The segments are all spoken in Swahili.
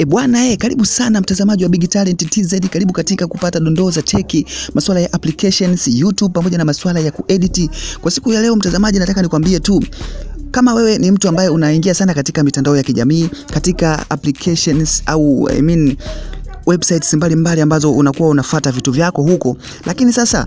E bwana e, karibu sana mtazamaji wa Big Talent TZ, karibu katika kupata dondoo za teki, masuala ya applications YouTube pamoja na masuala ya kuedit. Kwa siku ya leo mtazamaji, nataka nikwambie tu kama wewe ni mtu ambaye unaingia sana katika mitandao ya kijamii katika applications au I mean websites mbalimbali mbali ambazo unakuwa unafata vitu vyako huko, lakini sasa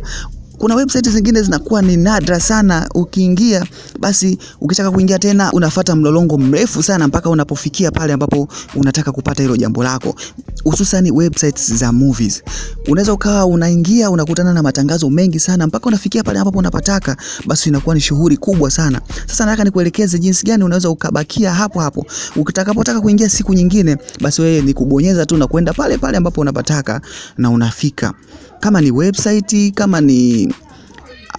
kuna website zingine zinakuwa ni nadra sana ukiingia, basi ukitaka kuingia tena unafata mlolongo mrefu sana mpaka unapofikia pale ambapo unataka kupata hilo jambo lako, hususan websites za movies. Unaweza ukawa unaingia unakutana na matangazo mengi sana mpaka unafikia pale ambapo unapataka, basi inakuwa ni shughuli kubwa sana. Sasa nataka nikuelekeze jinsi gani unaweza ukabakia hapo hapo ukitakapotaka kuingia siku nyingine, basi wewe ni kubonyeza tu na kwenda pale pale ambapo unapataka na unafika, kama ni website, kama ni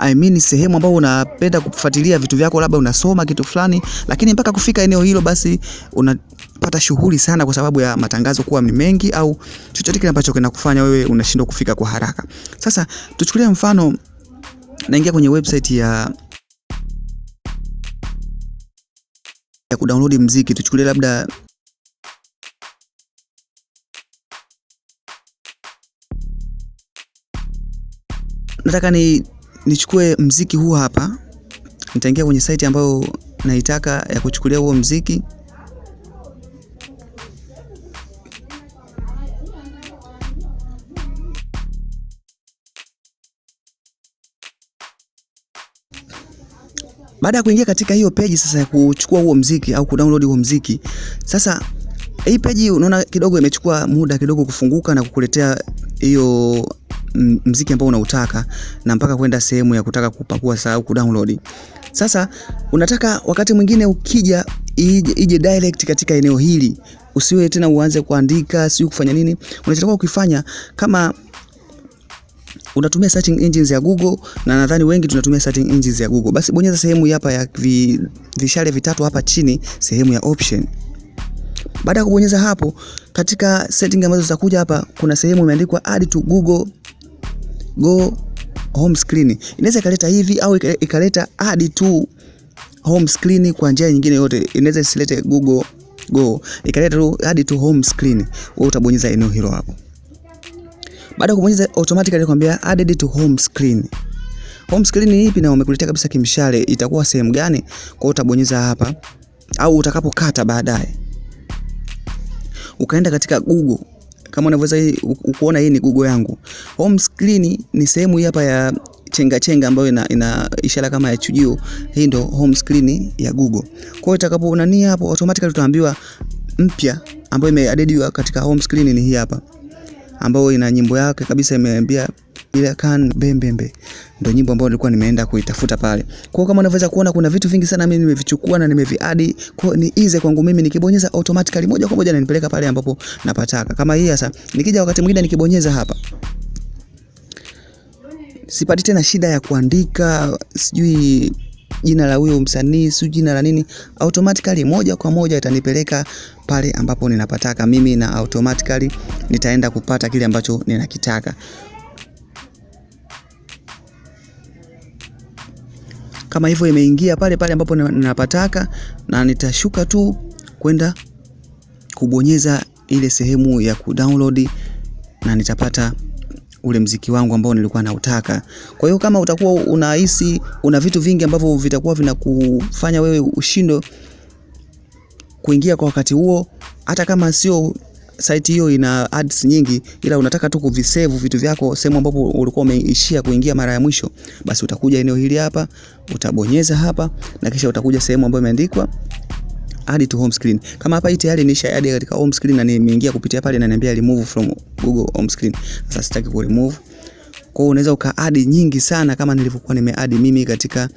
I mean sehemu ambayo unapenda kufuatilia vitu vyako, labda unasoma kitu fulani, lakini mpaka kufika eneo hilo, basi unapata shughuli sana, kwa sababu ya matangazo kuwa ni mengi, au chochote kile ambacho kinakufanya wewe unashindwa kufika kwa haraka. Sasa tuchukulie mfano, naingia kwenye website ya ya kudownload mziki, tuchukulie labda nataka ni nichukue mziki huu hapa nitaingia kwenye site ambayo naitaka ya kuchukulia huo mziki Baada ya kuingia katika hiyo peji sasa ya kuchukua huo mziki au kudownload huo mziki, sasa hii peji unaona kidogo imechukua muda kidogo kufunguka na kukuletea hiyo mziki ambao unautaka na mpaka kwenda sehemu ya kutaka kupakua saa au kudownload. Sasa unataka wakati mwingine ukija ije, ije direct katika eneo hili, usiwe tena uanze kuandika siyo kufanya nini. Unachotakiwa ukifanya kama unatumia searching engines ya Google na nadhani wengi tunatumia searching engines ya Google, basi bonyeza sehemu hapa ya vi, vishale vitatu hapa chini, sehemu ya option. Baada ya kubonyeza hapo, katika setting ambazo zitakuja hapa, kuna sehemu imeandikwa add to Google go home screen inaweza ikaleta hivi au ikaleta add to home screen kwa njia nyingine yote. Inaweza isilete Google go, ikaleta tu add to home screen. Wewe utabonyeza eneo hilo hapo. Baada ya kubonyeza, automatically kwambia added to home screen. Home screen ipi na umekuletea kabisa kimshale, itakuwa sehemu gani? Kwa hiyo utabonyeza hapa, au utakapokata baadaye ukaenda katika Google kama unavyoweza kuona, hii ni Google yangu. Home screen ni sehemu hii hapa ya chenga chenga ambayo ina, ina ishara kama ya chujio. Hii ndo home screen ya Google. Kwa hiyo utakapo nani hapo, automatically tutaambiwa mpya ambayo imeadediwa katika home screen ni hii hapa, ambayo ina nyimbo yake kabisa, imeambia ile kan bembembe ndio nyimbo ambayo nilikuwa nimeenda kuitafuta pale. Kwa kama unaweza kuona kuna vitu vingi sana mimi nimevichukua na nimeviadi. Kwa ni easy kwangu mimi nikibonyeza automatically moja kwa moja ananipeleka pale ambapo napataka. Kama hii sasa nikija wakati mwingine nikibonyeza hapa sipati tena shida ya kuandika sijui jina la huyo msanii sijui jina la nini, automatically moja kwa moja itanipeleka pale ambapo ninapataka mimi, na automatically nitaenda kupata kile ambacho ninakitaka. kama hivyo imeingia pale pale ambapo ninapataka, na nitashuka tu kwenda kubonyeza ile sehemu ya kudownload na nitapata ule mziki wangu ambao nilikuwa nautaka. Kwa hiyo kama utakuwa unahisi una vitu vingi ambavyo vitakuwa vinakufanya wewe ushindo kuingia kwa wakati huo, hata kama sio site hiyo ina ads nyingi, ila unataka tu kuvisave vitu vyako sehemu ambapo ulikuwa umeishia kuingia mara ya mwisho, basi utakuja eneo hili hapa, utabonyeza hapa na kisha utakuja sehemu ambayo imeandikwa add to home screen. Kama hapa hii tayari nisha add katika home screen na nimeingia kupitia pale na niambia remove from Google home screen. Sasa sitaki ku remove. Kwa hiyo unaweza uka add nyingi sana kama nilivyokuwa nime add mimi katika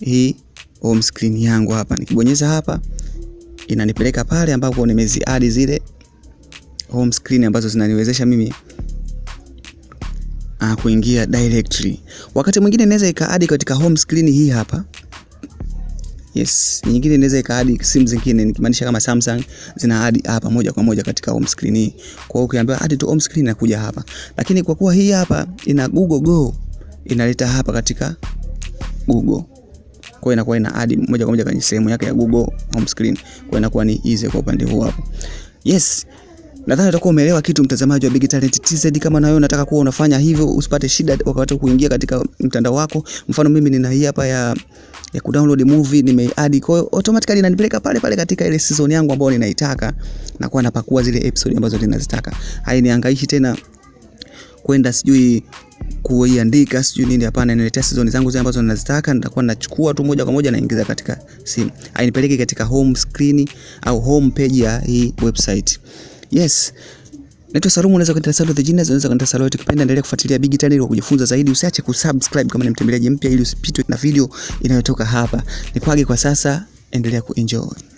hii home screen yangu hapa. Nikibonyeza hapa inanipeleka pale ambapo nimezi add zile home screen ambazo zinaniwezesha mimi uh, kuingia directly. Wakati mwingine inaweza ikaadi katika home screen hii hapa Yes, nyingine inaweza ikaadi simu zingine nikimaanisha kama Samsung zina adi hapa moja kwa moja katika home screen hii. Kwa hiyo ukiambiwa add to home screen inakuja hapa. Lakini kwa kuwa hii hapa ina Google Go inaleta hapa katika Google. Kwa inakuwa ina add moja kwa moja kwenye sehemu yake ya Google home screen. Kwa inakuwa ni easy kwa upande huo hapo. Yes, Nadhani utakuwa umeelewa kitu mtazamaji wa Big Talent TZ. Kama na wewe unataka kuwa unafanya hivyo usipate shida wakati wa kuingia katika mtandao wako. Mfano mimi nina hii hapa ya ya kudownload movie nimeadi, kwa hiyo automatically inanipeleka pale pale katika ile season yangu ambayo ninaitaka, na kwa napakua zile episode ambazo ninazitaka. Hainihangaishi tena kwenda sijui kuiandika sijui nini. Hapana, niletea season zangu zile ambazo ninazitaka, nitakuwa nachukua tu moja kwa moja naingiza katika simu, hainipeleki katika home screen au home page ya hii website. Yes. Naitwa Salumu, unaweza kunita Salu the Genius, unaweza kunita Salu yote Endelea kufuatilia Big Tanil kwa kujifunza zaidi. Usiache kusubscribe kama ni mtembeleaji mpya, ili usipitwe na video inayotoka hapa. Nikwage kwa sasa, endelea kuenjoy.